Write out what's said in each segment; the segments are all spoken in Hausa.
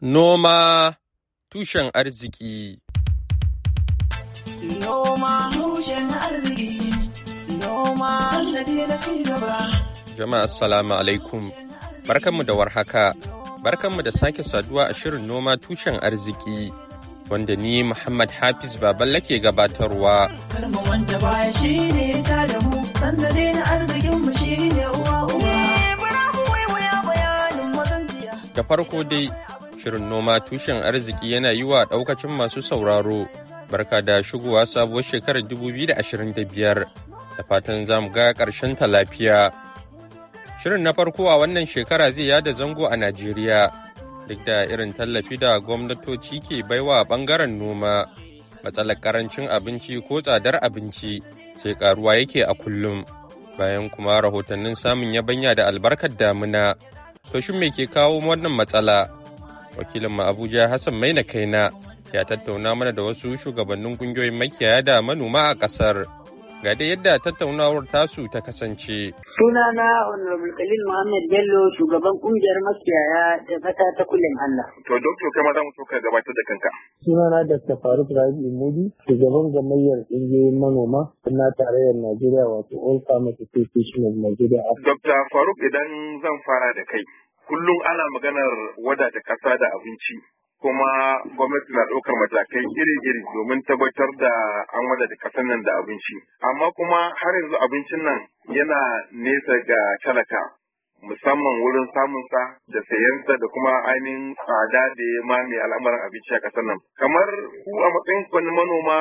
Noma tushen arziki Noma tushen Jama'a assalamu alaikum barkanmu da warhaka barkanmu da sake saduwa a shirin noma tushen arziki wanda ni Muhammad Hafiz baban lake gabatarwa. Eh, da farko dai shirin noma tushen arziki yana yi wa ɗaukacin masu sauraro barka da shigowa sabuwar shekarar 2025 da fatan za mu ga karshen ta lafiya. Shirin na farko a wannan shekara zai yada zango a Najeriya duk da irin tallafi da gwamnatoci ke baiwa bangaren noma matsalar karancin abinci ko tsadar abinci sai karuwa yake a kullum bayan kuma rahotannin samun yabanya da albarkar damina. To shin me ke kawo wannan matsala? wakilin mu abuja hassan maina kaina ya tattauna mana da wasu shugabannin kungiyoyin makiyaya da manoma a kasar ga dai yadda tattaunawar tasu ta kasance. Sunana Honorable Khalil Muhammad Bello shugaban kungiyar makiyaya da fata ta kullum Allah. To doctor kai za mu so ka gabatar da kanka. Sunana Dr. Faruk Rabi Imudi shugaban gamayyar kungiyoyin manoma na tarayyar Najeriya wato All Farmers Association of Nigeria. Dr. Faruk idan zan fara da kai. kullum ana maganar wadata ƙasa da abinci kuma gwamnati na ɗaukar matakai iri-iri domin tabbatar da an wadata ƙasar nan da abinci amma kuma har yanzu abincin nan yana nesa ga talaka musamman wurin samunsa da sayansa da kuma ainihin tsada da ya mame al'amarin abinci a ƙasar nan. Kamar ku a matsayin wani manoma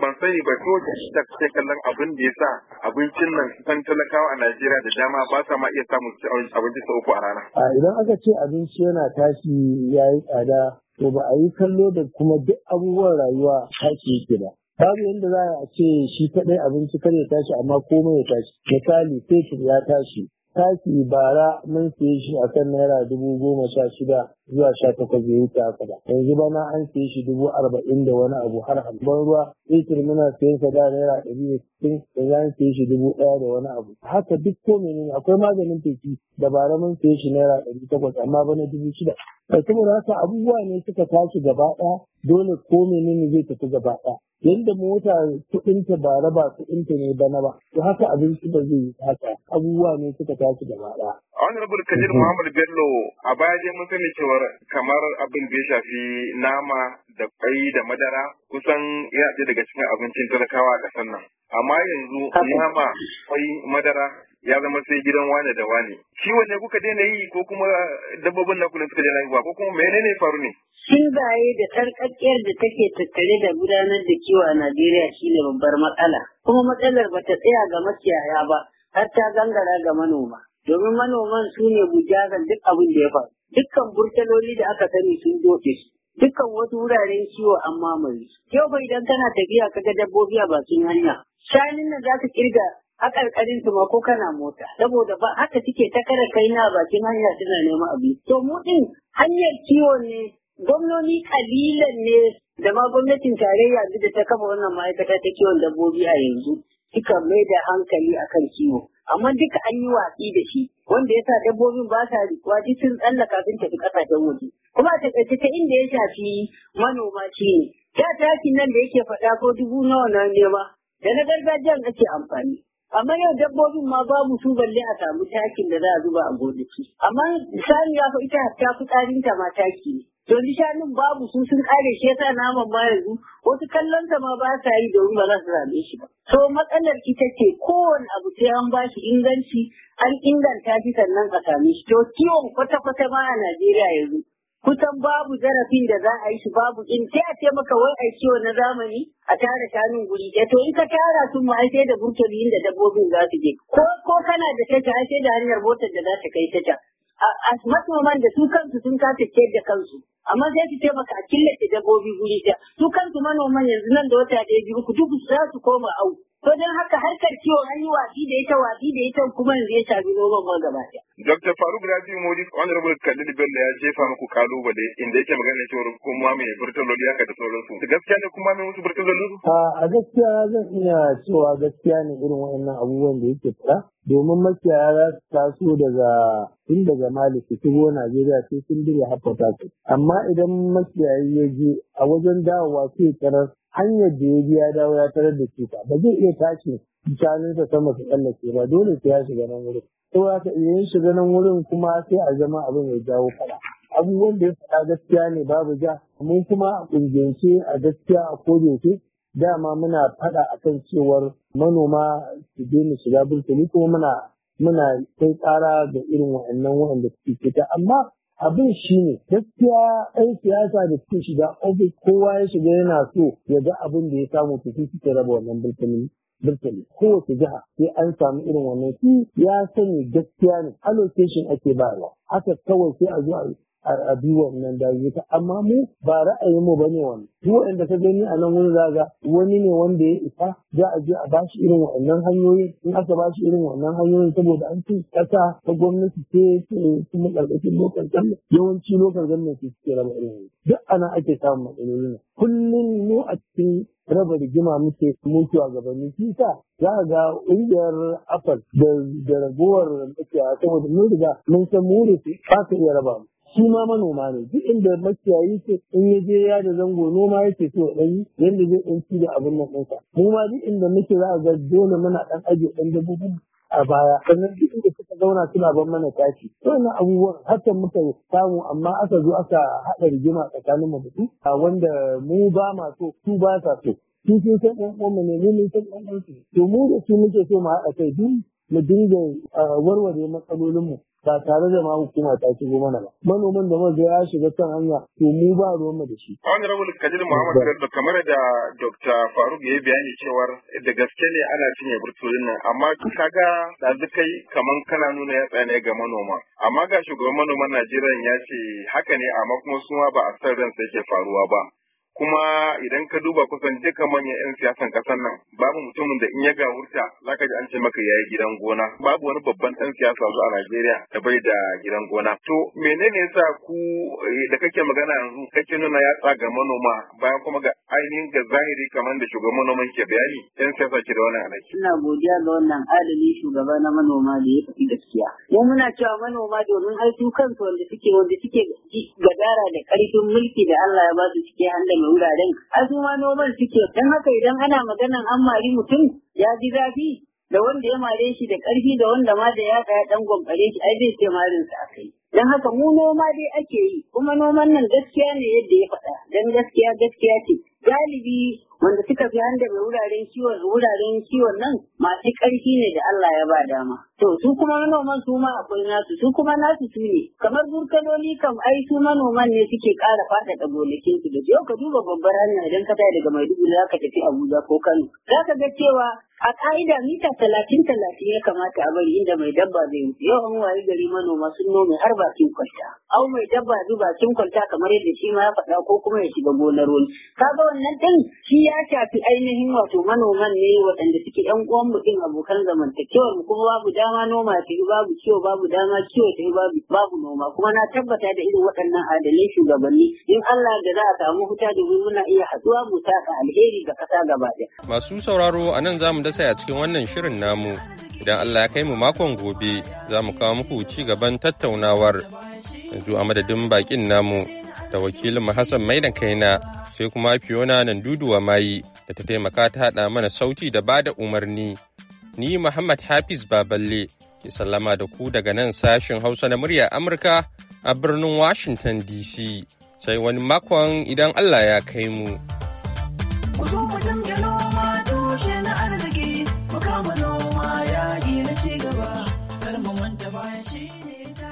ban sani ba ko ta ce kallon abin da ya sa abincin nan san talakawa a Najeriya da dama ba sa ma iya samun abinci sau uku a rana. Idan aka ce abinci yana tashi ya yi tsada to ba a yi kallo da kuma duk abubuwan rayuwa tashi yake ba. babu yadda za a ce shi kaɗai abinci kar ya tashi amma komai ya tashi misali fetur ya tashi taki bara mun siye shi akan naira dubu goma sha shida zuwa sha takwas ya ta haka ba yanzu bana an siye shi dubu arba'in da wani abu har ban ruwa litir muna siyan sa da naira ɗari da sittin yanzu an siye shi dubu ɗaya da wani abu haka duk ko menene akwai maganin feshi da mun siye shi naira ɗari takwas amma bana dubu shida saboda haka abubuwa ne suka tashi gaba ɗaya dole ko menene zai tafi gaba ɗaya yadda mota kuɗinta ba raba kuɗinta ne bana ba to haka abinci ba zai yi haka abubuwa ne suka tashi gaba ɗaya. honorable kadir muhammad bello a baya je mun sani cewa kasuwar kamar abin da ya shafi nama da kwai da madara kusan ya daga cikin abincin talakawa a ƙasar nan. Amma yanzu nama, kwai, madara ya zama sai gidan wane da wane. Ciwon ne kuka daina yi ko kuma dabbobin na kula suka daina yi ko kuma menene faru ne? Cizaye da sarƙaƙiyar da take tattare da gudanar da kiwo a Najeriya shine babbar matsala. Kuma matsalar ba ta tsaya ga makiyaya ba har ta gangara ga manoma. Domin manoman su ne bujagan duk abin da ya faru. dukkan burtaloli da aka sani sun doke dukkan wasu wuraren kiwo an mamaye yau ba idan kana tafiya ka ga dabbobi a bakin hanya shanin nan za ka kirga a ƙarƙarin su ma ko kana mota saboda ba haka suke ta kare kai na bakin hanya suna neman abu to mu din hanyar kiwo ne gwamnoni kalilan ne da ma gwamnatin tarayya yanzu da ta kafa wannan ma'aikata ta kiwon dabbobi a yanzu suka mai da hankali akan kiwo amma duka an yi watsi da shi wanda ya sa dabbobin ba sa rikuwa duk sun tsallaka sun tafi ta waje kuma a takaice ta inda ya shafi manoma shi ne da takin nan da yake faɗa ko dubu nawa na nema da na gargajiyar ake amfani amma yau dabbobin ma babu su balle a samu takin da za a zuba a gonaki amma ya fa ita ta tsarin ta ma taki ne to shanun babu su sun kare shi ya sa naman ma yanzu wasu kallon ta ma ba sa yi domin ba za su same shi ba So matsalar ita ce kowane abu sai an ba shi inganci an inganta shi sannan a shi. To kiwon kwata-kwata ma a Najeriya yanzu. Kusan babu zarafin da za a yi shi babu in sai a ce maka wai a kiwo na zamani a tara shanun guri Ya to in ka tara su ma sai da burtoli da dabbobin za su je. Ko kana da tasha sai da hanyar motar da za ta kai ta. manoman da su kansu sun kasa ke da kansu amma sai su taimaka a killace dabbobi guri ta su kansu manoman yanzu nan da wata ɗaya biyu ku duk za su koma au to don haka harkar kiwo an yi da ita watsi da ita kuma yanzu ya shafi noman ma gaba ɗaya Dr. Faruk Rabi Modi Honorable da Bello ya jefa muku kalubale inda yake magana cewa kuma mai lodi haka da sauransu. Gaskiya ne kuma mai musu lodi? A gaskiya zan iya cewa gaskiya ne irin waɗannan abubuwan da yake fara. domin makiyaya za su taso daga tun daga Mali su shigo Najeriya sai sun dire haɓaka su. Amma idan makiyayi ya je a wajen dawowa sai karar. hanyar da ya biya dawo ya tarar da cuta ba zai iya tashi shanunsa sama su tsallake ba dole sai ya shiga nan wurin sai ya iya yin shiga nan wurin kuma sai a zama abin ya jawo faɗa abubuwan da ya faɗa gaskiya ne babu ja mun kuma a ƙungiyance a gaskiya a kodiyance dama muna faɗa a kan cewar manoma su daina shiga burtali kuma muna muna kai tsara ga irin waɗannan waɗanda suke fita amma abin shi ne gaskiya ɗan siyasa da suke shiga ofis kowa ya shiga yana so ya ga abin da ya samu to su suke raba wannan birtani birtani kowace jiha sai an samu irin wannan shi ya sani gaskiya ne allocation ake bayarwa haka kawai sai a zuwa a bi wannan dazuka amma mu ba ra'ayin mu bane wannan duk wanda ka gani a nan wurin zaga wani ne wanda ya isa za a je a bashi irin wannan hanyoyin in aka bashi irin wannan hanyoyin saboda an ce kasa ta gwamnati ce kuma karkashin lokal gwamnati yawanci lokal gwamnati suke raba irin duk ana ake samun matsaloli kullum mu a cikin raba rigima muke mutuwa gabanin kisa. Za a ga ƙungiyar afal da ragowar mafiya saboda mun riga mun san mu da su ba iya raba mu shi ma manoma ne duk inda makiyayi ce in ya je ya da zango noma yake so ya yi zai ɗan ci da abin nan ɗinsa mu ma duk inda muke za a ga dole muna ɗan ajiye ɗan dabbobin a baya sannan duk inda suka zauna suna ban mana tashi na abubuwan hakan muka samu amma aka zo aka haɗa rigima tsakanin mu mutu a wanda mu ba ma so su ba sa so su sun san ɗan uwan mu ne mu mun san ɗan uwan su to mu da su muke so mu haɗa kai duk mu dinga ah, warware mu ba tare da ma hukuma ta shigo mana ba manoman da maza ya shiga kan hanya to mu ba ruwan mu da shi a wani rawul kadir muhammad garba kamar da dr faruk ya bayani cewar da gaske ne ana cinye burtolin nan amma kaga da kai kaman kana nuna ya ne ga manoma amma ga shugaban manoman najeriya ya ce haka ne amma kuma su ma ba a san ransa yake faruwa ba kuma idan ka duba kusan duka manyan 'yan siyasan ƙasar nan babu mutumin da in ya wurta za ka ji an ce maka ya yi gidan gona babu wani babban ɗan siyasa a Najeriya da bai da gidan gona. To menene sa ku eh, da kake magana yanzu kake nuna tsa ga manoma bayan kuma ga ainihin ga zahiri kamar da shugaban manoman ke bayani 'yan siyasa ke da wannan alaƙi. Ina godiya ga wannan adali shugaba na manoma da ya tafi gaskiya. Mu muna cewa manoma domin har su kansu wanda suke wanda suke ga gadara da ƙarfin mulki da Allah ya ba su hannun mai wuraren azuma noman suke don haka idan ana maganan an mari mutum ya ji zafi da wanda ya mare shi da ƙarfi da wanda ma da ya ya dan gwamfare shi ai zai ce marin sa kai. don haka mu noma dai ake yi kuma noman nan gaskiya ne yadda ya faɗa don gaskiya gaskiya ce galibi wanda suka fi handame wuraren kiwon wuraren kiwon nan masu ƙarfi ne da Allah ya ba dama. To su kuma manoman su ma akwai nasu su kuma nasu su ne kamar burkanoni kam ai su manoman ne suke ƙara faɗaɗa gonakin su da yau ka duba babbar hanya idan ka tafi daga Maiduguri za ka tafi Abuja ko Kano za ka ga cewa a ka'ida mita talatin talatin ya kamata a bari inda mai dabba zai wuce yau an waye gari manoma sun nome har bakin kwalta au mai dabba zai bakin kwalta kamar yadda shi ma ya faɗa ko kuma ya shiga gonar wani kaga wannan din shi ya shafi ainihin wato manoman ne waɗanda suke yan uwan mu ɗin abokan zamantakewar mu kuma babu dama noma ta yi babu ciwo babu dama ciwo ta yi babu noma kuma na tabbata da irin waɗannan adalai shugabanni in Allah da za a samu huta da muna iya haɗuwa mu saka alheri ga ƙasa gaba ɗaya. Masu sauraro a nan za mu sai a cikin wannan shirin namu. Idan Allah ya kai mu makon gobe za mu kawo muku ci gaban tattaunawar. Yanzu a madadin bakin namu da wakilin Hassan Maida kaina sai kuma Fiona nan duduwa mayi da ta taimaka ta haɗa mana sauti da bada umarni. Ni Muhammad Hafiz Baballe ke sallama da ku daga nan sashin Hausa na murya Amurka a birnin Washington DC. Sai wani makon idan Allah ya kai mu.